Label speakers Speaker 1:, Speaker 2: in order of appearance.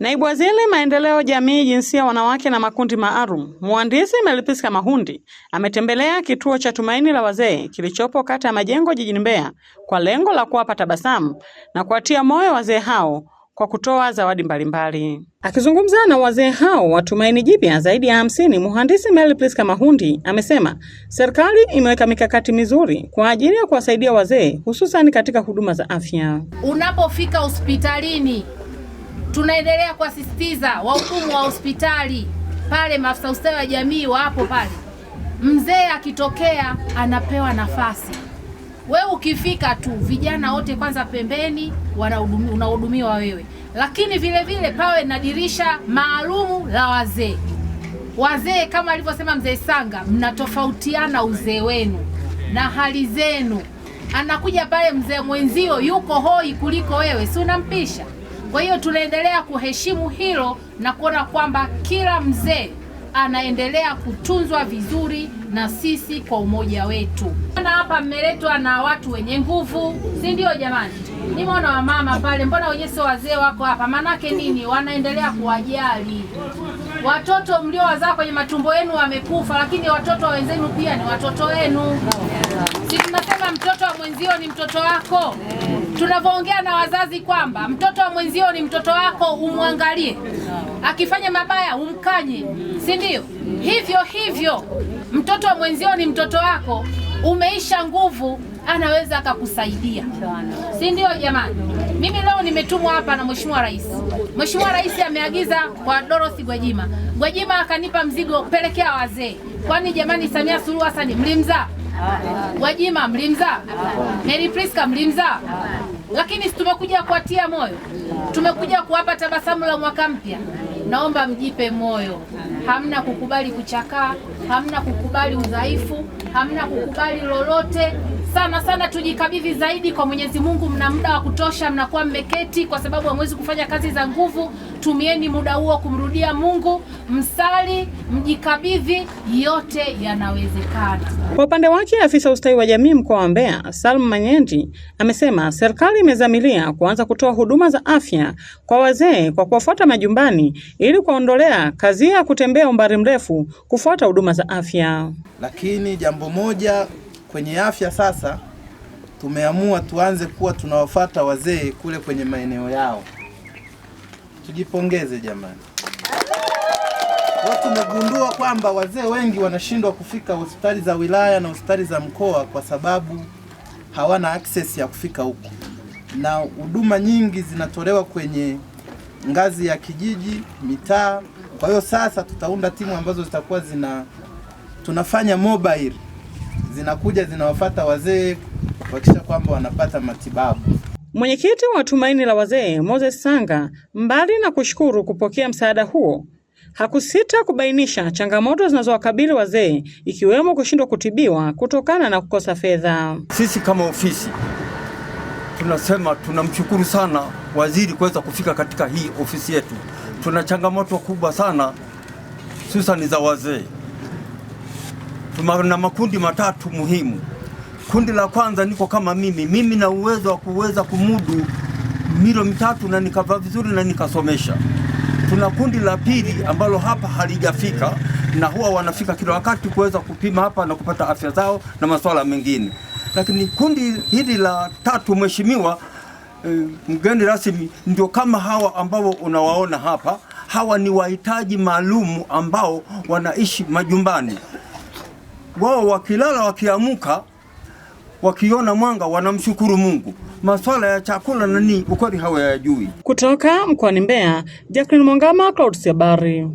Speaker 1: Naibu Waziri Maendeleo Jamii, Jinsia, Wanawake na Makundi Maalum, Mhandisi Melipiska Mahundi ametembelea kituo cha Tumaini la Wazee kilichopo kata ya Majengo jijini Mbeya kwa lengo la kuwapa tabasamu na kuwatia moyo wazee hao kwa kutoa zawadi mbalimbali. Akizungumza na wazee hao wa Tumaini Jipya zaidi ya hamsini, Mhandisi Melipiska Mahundi amesema serikali imeweka mikakati mizuri kwa ajili ya kuwasaidia wazee hususani katika huduma za afya.
Speaker 2: Unapofika hospitalini Tunaendelea kuasisitiza wahudumu wa hospitali pale, maafisa ustawi wa jamii wapo pale. Mzee akitokea anapewa nafasi, we ukifika tu vijana wote kwanza pembeni, unahudumiwa wewe, lakini vile vile pawe na dirisha maalumu la wazee. Wazee kama alivyosema mzee Sanga, mnatofautiana uzee wenu na hali zenu. Anakuja pale mzee mwenzio yuko hoi kuliko wewe, si unampisha? Kwa hiyo tunaendelea kuheshimu hilo na kuona kwamba kila mzee anaendelea kutunzwa vizuri na sisi kwa umoja wetu. Na hapa mmeletwa na watu wenye nguvu, si ndio jamani? Nimeona wamama pale, mbona wenyewe sio wazee wako hapa? Maanake nini? Wanaendelea kuwajali watoto mliowazaa kwenye matumbo yenu wamekufa, lakini watoto wenzenu pia ni watoto wenu. Si tunasema mtoto wa mwenzio ni mtoto wako? Tunavyoongea na wazazi kwamba mtoto wa mwenzio ni mtoto wako, umwangalie akifanya mabaya, umkanye, si ndio? Hivyo hivyo mtoto wa mwenzio ni mtoto wako, umeisha nguvu, anaweza akakusaidia, si ndio? Jamani, mimi leo nimetumwa hapa na Mheshimiwa Rais. Mheshimiwa Rais ameagiza kwa Dorothy Gwajima, Gwajima akanipa mzigo, pelekea wazee. Kwani jamani, Samia Suluhu Hassan mlimzaa? Gwajima mlimzaa? Mary Priska mlimzaa? Lakini tumekuja kuwatia moyo, tumekuja kuwapa tabasamu la mwaka mpya. Naomba mjipe moyo hamna kukubali kuchakaa, hamna kukubali udhaifu, hamna kukubali lolote sana sana tujikabidhi zaidi kwa Mwenyezi Mungu. Mna muda wa kutosha, mnakuwa mmeketi kwa sababu hamwezi kufanya kazi za nguvu. Tumieni muda huo kumrudia Mungu, msali, mjikabidhi, yote yanawezekana.
Speaker 1: Kwa upande wake, afisa ustawi wa jamii mkoa wa Mbeya Salmu manyenji amesema serikali imezamilia kuanza kutoa huduma za afya kwa wazee kwa kuwafuata majumbani ili kuondolea kazi ya kutembea umbali mrefu kufuata huduma za afya.
Speaker 3: Lakini jambo moja kwenye afya sasa tumeamua tuanze kuwa tunawafata wazee kule kwenye maeneo yao. Tujipongeze jamani, tumegundua kwamba wazee wengi wanashindwa kufika hospitali za wilaya na hospitali za mkoa kwa sababu hawana access ya kufika huko, na huduma nyingi zinatolewa kwenye ngazi ya kijiji, mitaa. Kwa hiyo sasa tutaunda timu ambazo zitakuwa zina tunafanya mobile zinakuja zinawafata wazee kuhakikisha kwamba wanapata matibabu.
Speaker 1: Mwenyekiti wa Tumaini la Wazee Moses Sanga, mbali na kushukuru kupokea msaada huo, hakusita kubainisha changamoto zinazowakabili wazee ikiwemo kushindwa kutibiwa kutokana na kukosa fedha.
Speaker 4: Sisi kama ofisi tunasema tunamshukuru sana waziri kuweza kufika katika hii ofisi yetu. Tuna changamoto kubwa sana hususani za wazee tuna makundi matatu muhimu. Kundi la kwanza niko kama mimi, mimi na uwezo wa kuweza kumudu milo mitatu na nikavaa vizuri na nikasomesha. Tuna kundi la pili ambalo hapa halijafika na huwa wanafika kila wakati kuweza kupima hapa na kupata afya zao na masuala mengine, lakini kundi hili la tatu, mheshimiwa eh, mgeni rasmi, ndio kama hawa ambao unawaona hapa. Hawa ni wahitaji maalumu ambao wanaishi majumbani wao wakilala, wakiamuka, wakiona mwanga wanamshukuru Mungu. Maswala ya chakula na nini ukweli hawayajui.
Speaker 1: Kutoka mkoani Mbeya, Jacqueline Mwangama, Clouds Habari.